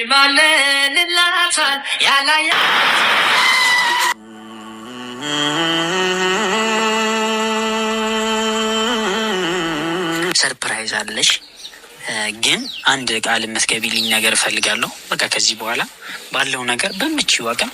ይማለንላታል ያላያ ሰርፕራይዝ አለሽ ግን አንድ ቃል መስገቢልኝ ነገር እፈልጋለሁ። በቃ ከዚህ በኋላ ባለው ነገር በምች አቅም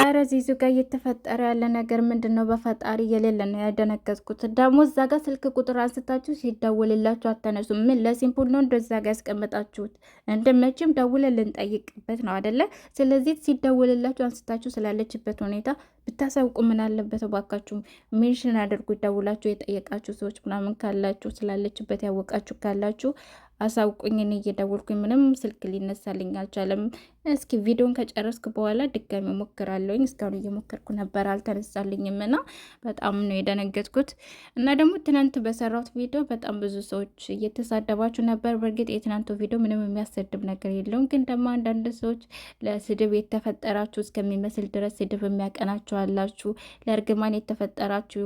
ኧረ ዚዙ ጋር እየተፈጠረ ያለ ነገር ምንድን ነው? በፈጣሪ የሌለ ነው ያደነገጥኩት። ደግሞ እዛ ጋር ስልክ ቁጥር አንስታችሁ ሲደውልላችሁ አታነሱ። ምን ለሲምፑል ነው እንደዛ ጋር ያስቀምጣችሁት? እንደ መቼም ደውለን ልንጠይቅበት ነው አደለ? ስለዚህ ሲደውልላችሁ አንስታችሁ ስላለችበት ሁኔታ ብታሳውቁ ምን አለበት ባካችሁ። ሜንሽን አድርጉ ይደውላችሁ የጠየቃችሁ ሰዎች ምናምን ካላችሁ ስላለችበት ያወቃችሁ ካላችሁ አሳውቁኝ። እኔ እየደወልኩኝ ምንም ስልክ ሊነሳልኝ አልቻለም። እስኪ ቪዲዮን ከጨረስኩ በኋላ ድጋሚ ሞክራለሁኝ። እስካሁን እየሞከርኩ ነበር አልተነሳልኝም፣ እና በጣም ነው የደነገጥኩት። እና ደግሞ ትናንት በሰራሁት ቪዲዮ በጣም ብዙ ሰዎች እየተሳደባችሁ ነበር። በእርግጥ የትናንቱ ቪዲዮ ምንም የሚያሰድብ ነገር የለውም፣ ግን ደግሞ አንዳንድ ሰዎች ለስድብ የተፈጠራችሁ እስከሚመስል ድረስ ስድብ የሚያቀናችሁ አላችሁ። ለእርግማን የተፈጠራችሁ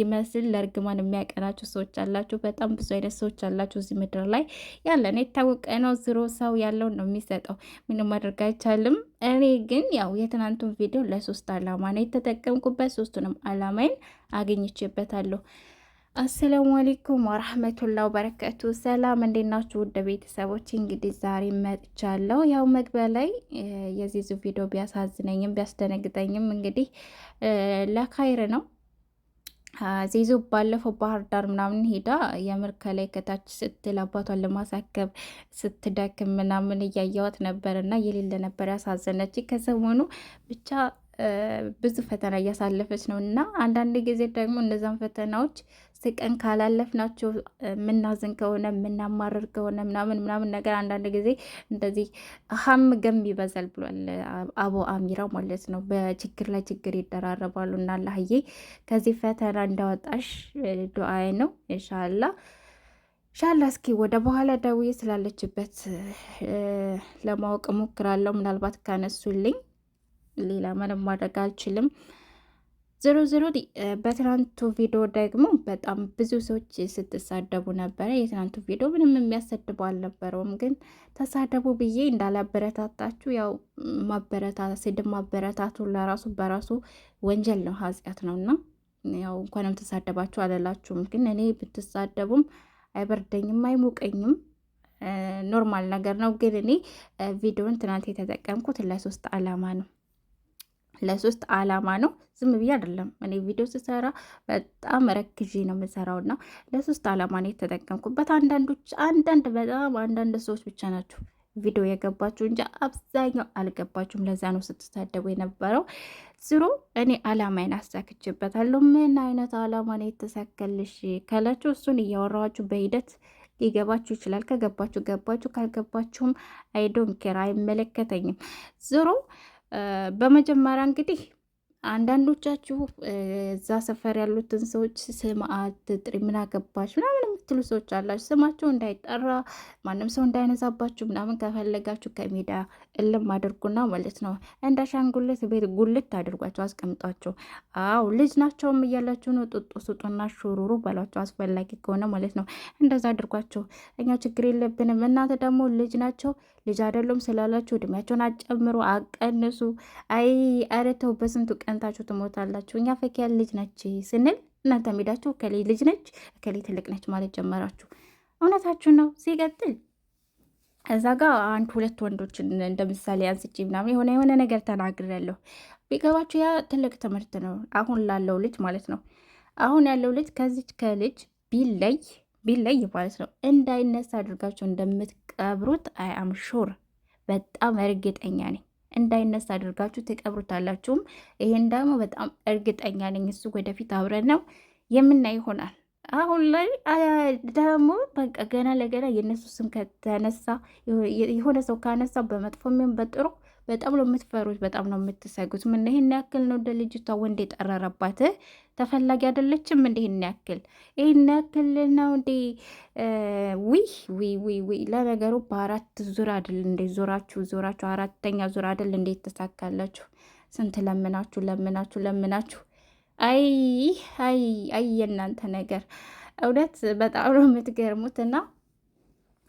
ይመስል ለእርግማን የሚያቀናችሁ ሰዎች አላችሁ። በጣም ብዙ አይነት ሰዎች አላችሁ እዚህ ምድር ላይ ያለን የታወቀ ነው። ዝሮ ሰው ያለውን ነው የሚሰጠው ምንም ማድረግ አይቻልም። እኔ ግን ያው የትናንቱን ቪዲዮ ለሶስት አላማ ነው የተጠቀምኩበት። ሶስቱንም አላማይን አገኝቼበታለሁ። አሰላሙ አሌይኩም ወራህመቱላ ወበረከቱ። ሰላም እንዴት ናችሁ ውድ ቤተሰቦች? እንግዲህ ዛሬ መጥቻለሁ። ያው መግቢያ ላይ የዚዙ ቪዲዮ ቢያሳዝነኝም ቢያስደነግጠኝም እንግዲህ ለካይር ነው ዜዞ ባለፈው ባህር ዳር ምናምን ሄዳ የምር ከላይ ከታች ስትል አባቷን ለማሳከብ ስትዳክም ምናምን እያየዋት ነበር እና የሌለ ነበር ያሳዘነች። ከሰሞኑ ብቻ ብዙ ፈተና እያሳለፈች ነው እና አንዳንድ ጊዜ ደግሞ እነዛን ፈተናዎች ስቀን ካላለፍናቸው የምናዝን ከሆነ የምናማርር ከሆነ ምናምን ምናምን ነገር አንዳንድ ጊዜ እንደዚህ ሀም ገም ይበዛል ብሏል አቦ አሚራ ማለት ነው። በችግር ላይ ችግር ይደራረባሉ እና አላህዬ ከዚህ ፈተና እንዳወጣሽ ዱአዬ ነው እንሻላ ሻላ እስኪ ወደ በኋላ ደውዬ ስላለችበት ለማወቅ እሞክራለሁ። ምናልባት ከነሱልኝ ሌላ ምንም ማድረግ አልችልም። ዞሮ ዞሮ በትናንቱ ቪዲዮ ደግሞ በጣም ብዙ ሰዎች ስትሳደቡ ነበረ። የትናንቱ ቪዲዮ ምንም የሚያሰድበው አልነበረውም፣ ግን ተሳደቡ ብዬ እንዳላበረታታችሁ ያው ስድብ ማበረታቱ ለራሱ በራሱ ወንጀል ነው፣ ኃጢአት ነው እና ያው እንኳንም ተሳደባችሁ አለላችሁም። ግን እኔ ብትሳደቡም አይበርደኝም፣ አይሞቀኝም ኖርማል ነገር ነው። ግን እኔ ቪዲዮን ትናንት የተጠቀምኩት ለሶስት አላማ ነው። ለሶስት አላማ ነው። ዝም ብዬ አይደለም እኔ ቪዲዮ ስሰራ በጣም ረክዤ ነው የምሰራው እና ለሶስት አላማ ነው የተጠቀምኩበት። አንዳንዶች አንዳንድ በጣም አንዳንድ ሰዎች ብቻ ናቸው ቪዲዮ የገባችሁ እንጂ አብዛኛው አልገባችሁም። ለዛ ነው ስትሳደቡ የነበረው። ዝሮ እኔ አላማዬን አሳክችበታለሁ። ምን አይነት አላማ ነው የተሳከልሽ ካላችሁ እሱን እያወራኋችሁ በሂደት ሊገባችሁ ይችላል። ከገባችሁ ገባችሁ፣ ካልገባችሁም አይዶንኬር አይመለከተኝም። ዝሮ በመጀመሪያ እንግዲህ አንዳንዶቻችሁ እዛ ሰፈር ያሉትን ሰዎች ስም አትጥሪ ምን አገባሽ ምናምን የምትሉ ሰዎች አላችሁ። ስማቸው እንዳይጠራ ማንም ሰው እንዳይነዛባችሁ ምናምን ከፈለጋችሁ ከሜዳ እልም አድርጉና ማለት ነው እንደ አሻንጉሊት ቤት ጉልት አድርጓቸው አስቀምጧቸው። አው ልጅ ናቸውም እያላችሁ ነው። ጡጡ ስጡና ሹሩሩ በሏቸው አስፈላጊ ከሆነ ማለት ነው። እንደዛ አድርጓቸው። እኛ ችግር የለብንም። እናንተ ደግሞ ልጅ ናቸው ልጅ አይደሉም ስላላችሁ እድሜያቸውን አጨምሩ፣ አቀንሱ። አይ አረተው በስንቱ ቀንታችሁ ትሞታላችሁ። እኛ ፈኪያ ልጅ ነች ስንል እናንተ ሄዳችሁ እከሌ ልጅ ነች እከሌ ትልቅ ነች ማለት ጀመራችሁ። እውነታችሁ ነው። ሲቀጥል እዛ ጋ አንድ ሁለት ወንዶችን እንደ ምሳሌ አንስቼ ምናምን የሆነ የሆነ ነገር ተናግሬያለሁ። ቢገባችሁ ያ ትልቅ ትምህርት ነው፣ አሁን ላለው ልጅ ማለት ነው። አሁን ያለው ልጅ ከዚች ከልጅ ቢለይ ቢለይ ማለት ነው እንዳይነሳ አድርጋችሁ እንደምትቀብሩት አይ አም ሹር በጣም እርግጠኛ ነኝ። እንዳይነሳ አድርጋችሁ ትቀብሩታላችሁም። ይሄን ደግሞ በጣም እርግጠኛ ነኝ እሱ ወደፊት አብረን ነው የምናይ ይሆናል። አሁን ላይ ደግሞ በቃ ገና ለገና የእነሱ ስም ከተነሳ የሆነ ሰው ካነሳ በመጥፎ የሚሆን በጥሩ በጣም ነው የምትፈሩት፣ በጣም ነው የምትሰጉት። ምን ይህን ያክል ነው እንደ ልጅቷ ወንድ የጠረረባት ተፈላጊ አይደለችም። እንደ ይህን ያክል ይህን ያክል ነው እንዴ? ዊህ ዊ ዊ ለነገሩ በአራት ዙር አይደል እንዴ? ዙራችሁ ዙራችሁ አራተኛ ዙር አይደል እንዴ? ተሳካላችሁ። ስንት ለምናችሁ ለምናችሁ ለምናችሁ አይ አይ አይ የእናንተ ነገር እውነት በጣም ነው የምትገርሙት እና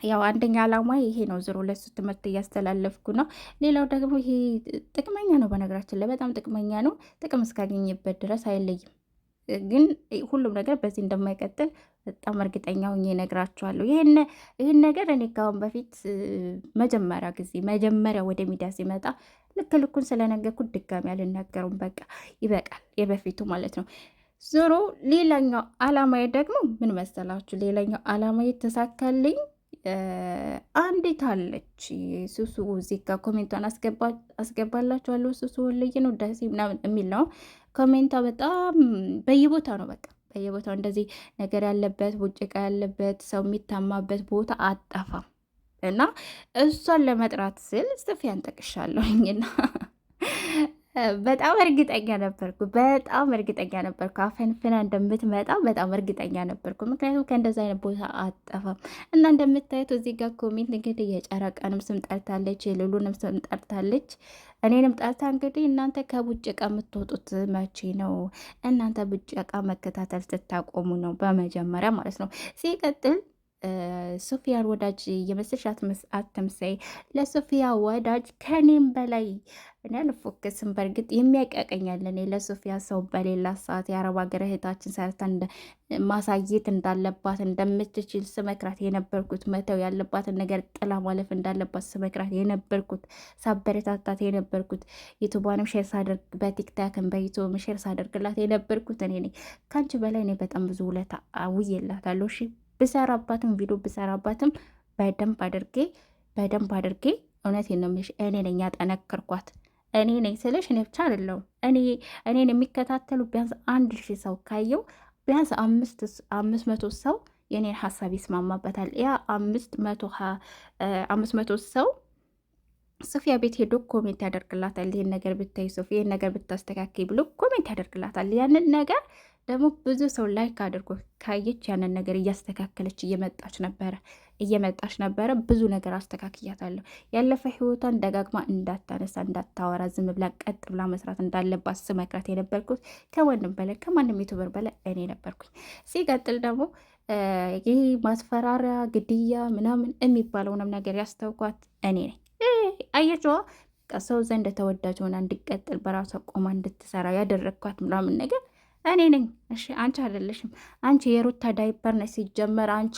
ያው አንደኛ ዓላማ ይሄ ነው። ዝሮ ለሱ ትምህርት እያስተላለፍኩ ነው። ሌላው ደግሞ ይሄ ጥቅመኛ ነው፣ በነገራችን ላይ በጣም ጥቅመኛ ነው። ጥቅም እስካገኝበት ድረስ አይለይም። ግን ሁሉም ነገር በዚህ እንደማይቀጥል በጣም እርግጠኛ ሆኜ እነግራችኋለሁ። ይህን ነገር እኔ ካሁን በፊት መጀመሪያ ጊዜ መጀመሪያ ወደ ሚዲያ ሲመጣ ልክ ልኩን ስለነገርኩት ድጋሚ አልናገሩም። በቃ ይበቃል፣ የበፊቱ ማለት ነው። ዞሮ ሌላኛው አላማዬ ደግሞ ምን መሰላችሁ? ሌላኛው አላማዬ ተሳካልኝ አንዴት አለች ሱሱ እዚህ ጋር ኮሜንቷን አስገባላችኋለሁ። ሱሱ ልይን ነው ምናምን የሚል ነው ኮሜንቷ። በጣም በየቦታ ነው በቃ በየቦታው እንደዚህ ነገር ያለበት ቡጭቃ ያለበት ሰው የሚታማበት ቦታ አጠፋም እና እሷን ለመጥራት ስል ጽፌ ያንጠቅሻለሁኝና በጣም እርግጠኛ ነበርኩ። በጣም እርግጠኛ ነበርኩ። አፈንፍና እንደምትመጣ በጣም እርግጠኛ ነበርኩ። ምክንያቱም ከእንደዚ አይነት ቦታ አጠፋም እና እንደምታየት እዚህ ጋር ኮሜንት እንግዲህ የጨረቃንም ስም ጠርታለች፣ የልሉንም ስም ጠርታለች፣ እኔንም ጠርታ እንግዲህ እናንተ ከቡጭቃ የምትወጡት መቼ ነው? እናንተ ቡጭቃ መከታተል ስታቆሙ ነው በመጀመሪያ ማለት ነው ሲቀጥል ሶፊያን ወዳጅ የመሰልሻት መስአት ተምሳይ ለሶፊያ ወዳጅ ከኔም በላይ እኔ አልፎከስም። በእርግጥ የሚያቀቀኛል እኔ ለሶፊያ ሰው በሌላ ሰዓት የአረብ ሀገር እህታችን ሰርታ ማሳየት እንዳለባት እንደምትችል ስመክራት የነበርኩት መተው ያለባትን ነገር ጥላ ማለፍ እንዳለባት ስመክራት የነበርኩት ሳበረታታት የነበርኩት ዩቱቧንም ሼር ሳደርግ በቲክታክን በዩቱብ ሼር ሳደርግላት የነበርኩት እኔ ነኝ። ከአንቺ በላይ እኔ በጣም ብዙ ውለታ ውዬላታለሁ። ብሰራባትም ቪዲዮ ብሰራባትም በደንብ አድርጌ በደንብ አድርጌ እውነቴን ነው የምልሽ፣ እኔ ነኝ ያጠነከርኳት። እኔ ነኝ ስልሽ እኔ ብቻ አይደለሁም። እኔ እኔን የሚከታተሉ ቢያንስ አንድ ሺህ ሰው ካየው ቢያንስ አምስት መቶ ሰው የኔን ሀሳብ ይስማማበታል። ያ አምስት መቶ ሰው ሶፊያ ቤት ሄዶ ኮሜንት ያደርግላታል። ይህን ነገር ብታይ ሶፊ፣ ይህን ነገር ብታስተካክይ ብሎ ኮሜንት ያደርግላታል። ያንን ነገር ደግሞ ብዙ ሰው ላይክ አድርጎ ካየች ያንን ነገር እያስተካከለች እየመጣች ነበረ እየመጣች ነበረ። ብዙ ነገር አስተካክያታለሁ። ያለፈ ህይወቷን ደጋግማ እንዳታነሳ እንዳታወራ፣ ዝም ብላ ቀጥ ብላ መስራት እንዳለባት ስመክራት የነበርኩት ከወንድም በላይ ከማንም ዩቱበር በላይ እኔ ነበርኩኝ። ሲቀጥል ደግሞ ይህ ማስፈራሪያ፣ ግድያ ምናምን የሚባለውንም ነገር ያስተውኳት እኔ ነኝ። አየችዋ ሰው ዘንድ ተወዳጅ ሆና እንዲቀጥል በራሷ ቆማ እንድትሰራ ያደረግኳት ምናምን ነገር እኔ ነኝ። እሺ አንቺ አይደለሽም። አንቺ የሩታ ዳይፐር ነሽ። ሲጀመር አንቺ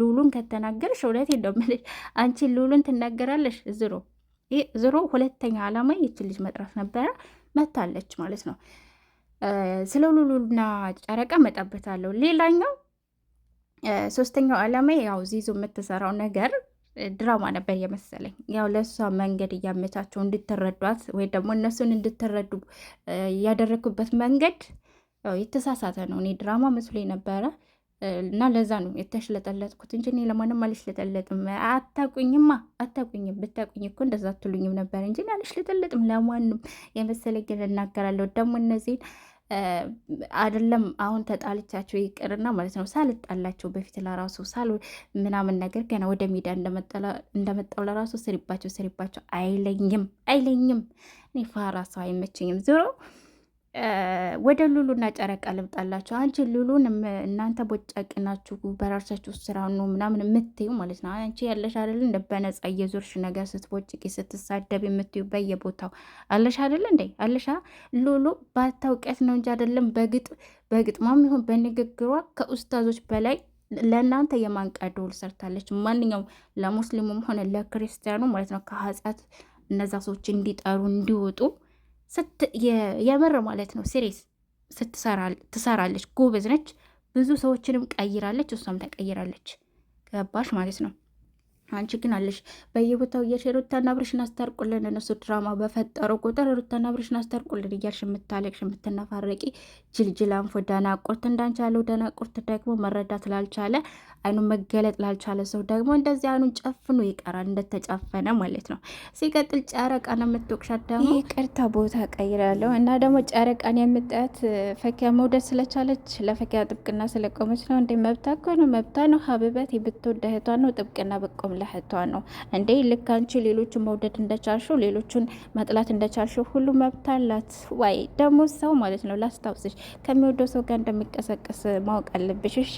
ሉሉን ከተናገርሽ እውነት የለምልሽ። አንቺ ሉሉን ትናገራለሽ። ዝሮ ዝሮ ሁለተኛ ዓላማ ይች ልጅ መጥራት ነበረ፣ መታለች ማለት ነው። ስለ ሉሉና ጨረቃ መጣበታለሁ። ሌላኛው ሶስተኛው ዓላማ ያው ዚዞ የምትሰራው ነገር ድራማ ነበር የመሰለኝ። ያው ለእሷ መንገድ እያመቻቸው እንድትረዷት ወይ ደግሞ እነሱን እንድትረዱ ያደረግኩበት መንገድ ያው የተሳሳተ ነው። እኔ ድራማ መስሎ ነበረ እና ለዛ ነው የተሽለጠለጥኩት እንጂ እኔ ለማንም አልሽለጠለጥም። አታቁኝማ፣ አታቁኝም። ብታቁኝ እኮ እንደዛ አትሉኝም ነበር እንጂ አልሽለጠለጥም ለማንም። የመሰለ ግን እናገራለሁ። ደግሞ እነዚህን አይደለም አሁን ተጣልቻቸው ይቅርና ማለት ነው ሳልጣላቸው በፊት ለራሱ ሳል ምናምን ነገር ገና ወደ ሜዳ እንደመጣው ለራሱ ስሪባቸው ስሪባቸው አይለኝም፣ አይለኝም። እኔ ፋራ ሰው አይመቸኝም ዞሮ ወደ ሉሉና ጨረቃ ልብጣላችሁ። አንቺ ሉሉን እናንተ ቦጫቅ ናችሁ፣ በራሳችሁ ስራ ነው ምናምን የምትዩ ማለት ነው። አንቺ ያለሽ አይደል እንደ በነጻ እየዞርሽ ነገር ስትቦጭቂ ስትሳደብ የምትዩ በየቦታው አለሽ አይደል እንዴ? አለሻ ሉሉ ባታውቀት ነው እንጂ አይደለም። በግጥ በግጥሟም ይሁን በንግግሯ ከኡስታዞች በላይ ለእናንተ የማንቂያ ደውል ሰርታለች። ማንኛውም ለሙስሊሙም ሆነ ለክርስቲያኑ ማለት ነው ከኃጢአት እነዛ ሰዎች እንዲጠሩ እንዲወጡ የምር ማለት ነው ሲሪስ ትሰራለች፣ ጎበዝ ነች። ብዙ ሰዎችንም ቀይራለች፣ እሷም ተቀይራለች። ገባሽ ማለት ነው። አንቺ ግን አለሽ በየቦታው እየሽ ሩታና ብርሽን አስታርቁልን፣ እነሱ ድራማ በፈጠሩ ቁጥር ሩታና ብርሽን አስታርቁልን እያልሽ የምታለቅሽ የምትነፋረቂ ጅልጅል አንፎ ደናቁርት እንዳንቺ ያለው ደናቁርት ደግሞ መረዳት ላልቻለ አይኑ መገለጥ ላልቻለ ሰው ደግሞ እንደዚህ አይኑን ጨፍኖ ይቀራል፣ እንደተጨፈነ ማለት ነው። ሲቀጥል ጨረቃን የምትወቅሻት ደግሞ ይቅርታ ቦታ ቀይራለሁ እና ደግሞ ጨረቃን የምጣያት ፈኪያ መውደድ ስለቻለች ለፈኪያ ጥብቅና ስለቆመች ነው እንዴ? መብታ እኮ ነው መብታ ነው። ሀብበት ብትወድ እህቷን ነው ጥብቅና በቆም ለህቷ ነው እንዴ? ልክ አንቺ ሌሎችን መውደድ እንደቻልሽው ሌሎችን መጥላት እንደቻልሽው ሁሉ መብት አላት። ዋይ ደግሞ ሰው ማለት ነው ላስታውስሽ፣ ከሚወደው ሰው ጋር እንደሚቀሰቀስ ማወቅ አለብሽ። እሺ።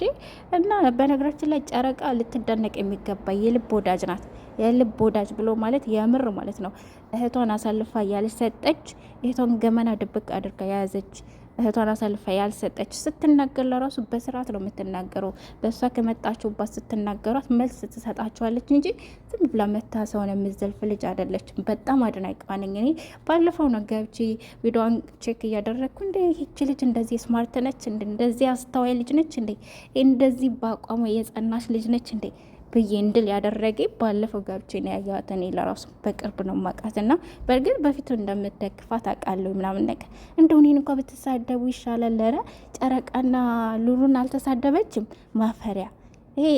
እና በነገራችን ላይ ጨረቃ ልትደነቅ የሚገባ የልብ ወዳጅ ናት። የልብ ወዳጅ ብሎ ማለት የምር ማለት ነው እህቷን አሳልፋ ያልሰጠች እህቷን ገመና ድብቅ አድርጋ የያዘች እህቷን አሳልፋ ያልሰጠች ስትናገር ለራሱ በስርዓት ነው የምትናገረው። በእሷ ከመጣችሁባት ስትናገሯት መልስ ትሰጣችኋለች እንጂ ዝም ብላ መታ ሰውን የምዘልፍ ልጅ አይደለችም። በጣም አድናቂዋ ነኝ እኔ። ባለፈው ነው ገብቼ ቪዲዮዋን ቼክ እያደረግኩ እንደ ይቺ ልጅ እንደዚህ ስማርት ነች፣ እንደዚህ አስተዋይ ልጅ ነች እንዴ፣ እንደዚህ በአቋሙ የጸናች ልጅ ነች እንዴ ብዬ እንድል ያደረገኝ ባለፈው ገብቼ ነው ያየኋት። እኔ ለራሱ በቅርብ ነው ማውቃት እና በእርግጥ በፊቱ እንደምደግፋት አውቃለሁ ምናምን ነገር እንደው እኔን እንኳ ብትሳደቡ ይሻላል። ኧረ ጨረቃና ሉሉን አልተሳደበችም። ማፈሪያ ይሄ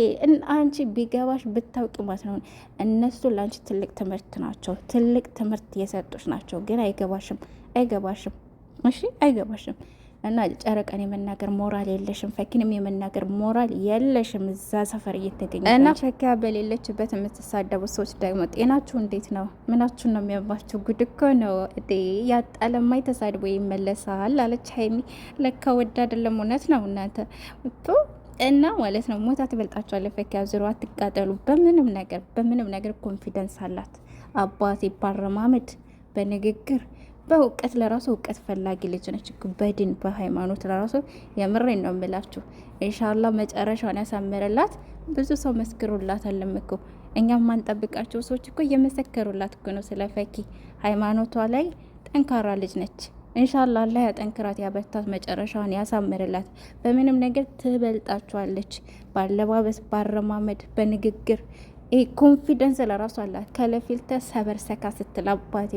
አንቺ ቢገባሽ ብታውቂ ማለት ነው። እነሱ ለአንቺ ትልቅ ትምህርት ናቸው፣ ትልቅ ትምህርት የሰጡሽ ናቸው። ግን አይገባሽም፣ አይገባሽም፣ እሺ አይገባሽም። እና ጨረቀን የመናገር ሞራል የለሽም፣ ፈኪንም የመናገር ሞራል የለሽም። እዛ ሰፈር እየተገኘ እና ፈኪያ በሌለችበት የምትሳደቡ ሰዎች ደግሞ ጤናችሁ እንዴት ነው? ምናችሁን ነው የሚያባችሁ? ጉድ እኮ ነው እዴ። ያጣለማይ ተሳድቦ ይመለሳል አለች ሀይሚ። ለካ ወድ አይደለም፣ እውነት ነው እናንተ እና ማለት ነው ሞታ ትበልጣቸዋለች። ፈኪያ ዝሮ አትቃጠሉ። በምንም ነገር በምንም ነገር ኮንፊደንስ አላት። አባቴ ባረማመድ በንግግር በእውቀት ለራሱ እውቀት ፈላጊ ልጅ ነች። በድን በሃይማኖት ለራሱ የምሬን ነው የምላችሁ። ኢንሻላ መጨረሻውን ያሳምርላት። ብዙ ሰው መስክሩላታል እኮ እኛም ማንጠብቃቸው ሰዎች እኮ እየመሰከሩላት እኮ ነው። ስለ ፈኪ ሃይማኖቷ ላይ ጠንካራ ልጅ ነች። እንሻላ አላህ ያጠንክራት፣ ያበርታት፣ መጨረሻውን ያሳምርላት። በምንም ነገር ትበልጣችኋለች። ባለባበስ፣ ባረማመድ፣ በንግግር ኮንፊደንስ ለራሱ አላት። ከለ ፊልተር ሰበር ሰካ ስትላባት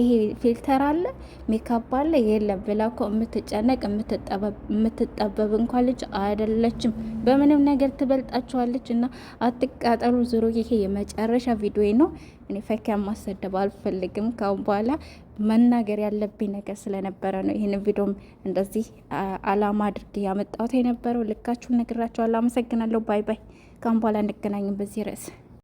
ይሄ ፊልተር አለ ሜካፕ አለ የለም ብላ እኮ የምትጨነቅ የምትጠበብ እንኳን ልጅ አይደለችም። በምንም ነገር ትበልጣችኋለች። እና አትቃጠሉ። ዞሮ ይሄ የመጨረሻ ቪዲዮ ነው። እኔ ፈኪያ ማሰደብ አልፈልግም። ካሁን በኋላ መናገር ያለብኝ ነገር ስለነበረ ነው። ይህን ቪዲዮም እንደዚህ አላማ አድርግ ያመጣሁት የነበረው ልካችሁ ነግራችኋለሁ። አመሰግናለሁ። ባይ ባይ ካሁን በኋላ እንገናኝም በዚህ ርዕስ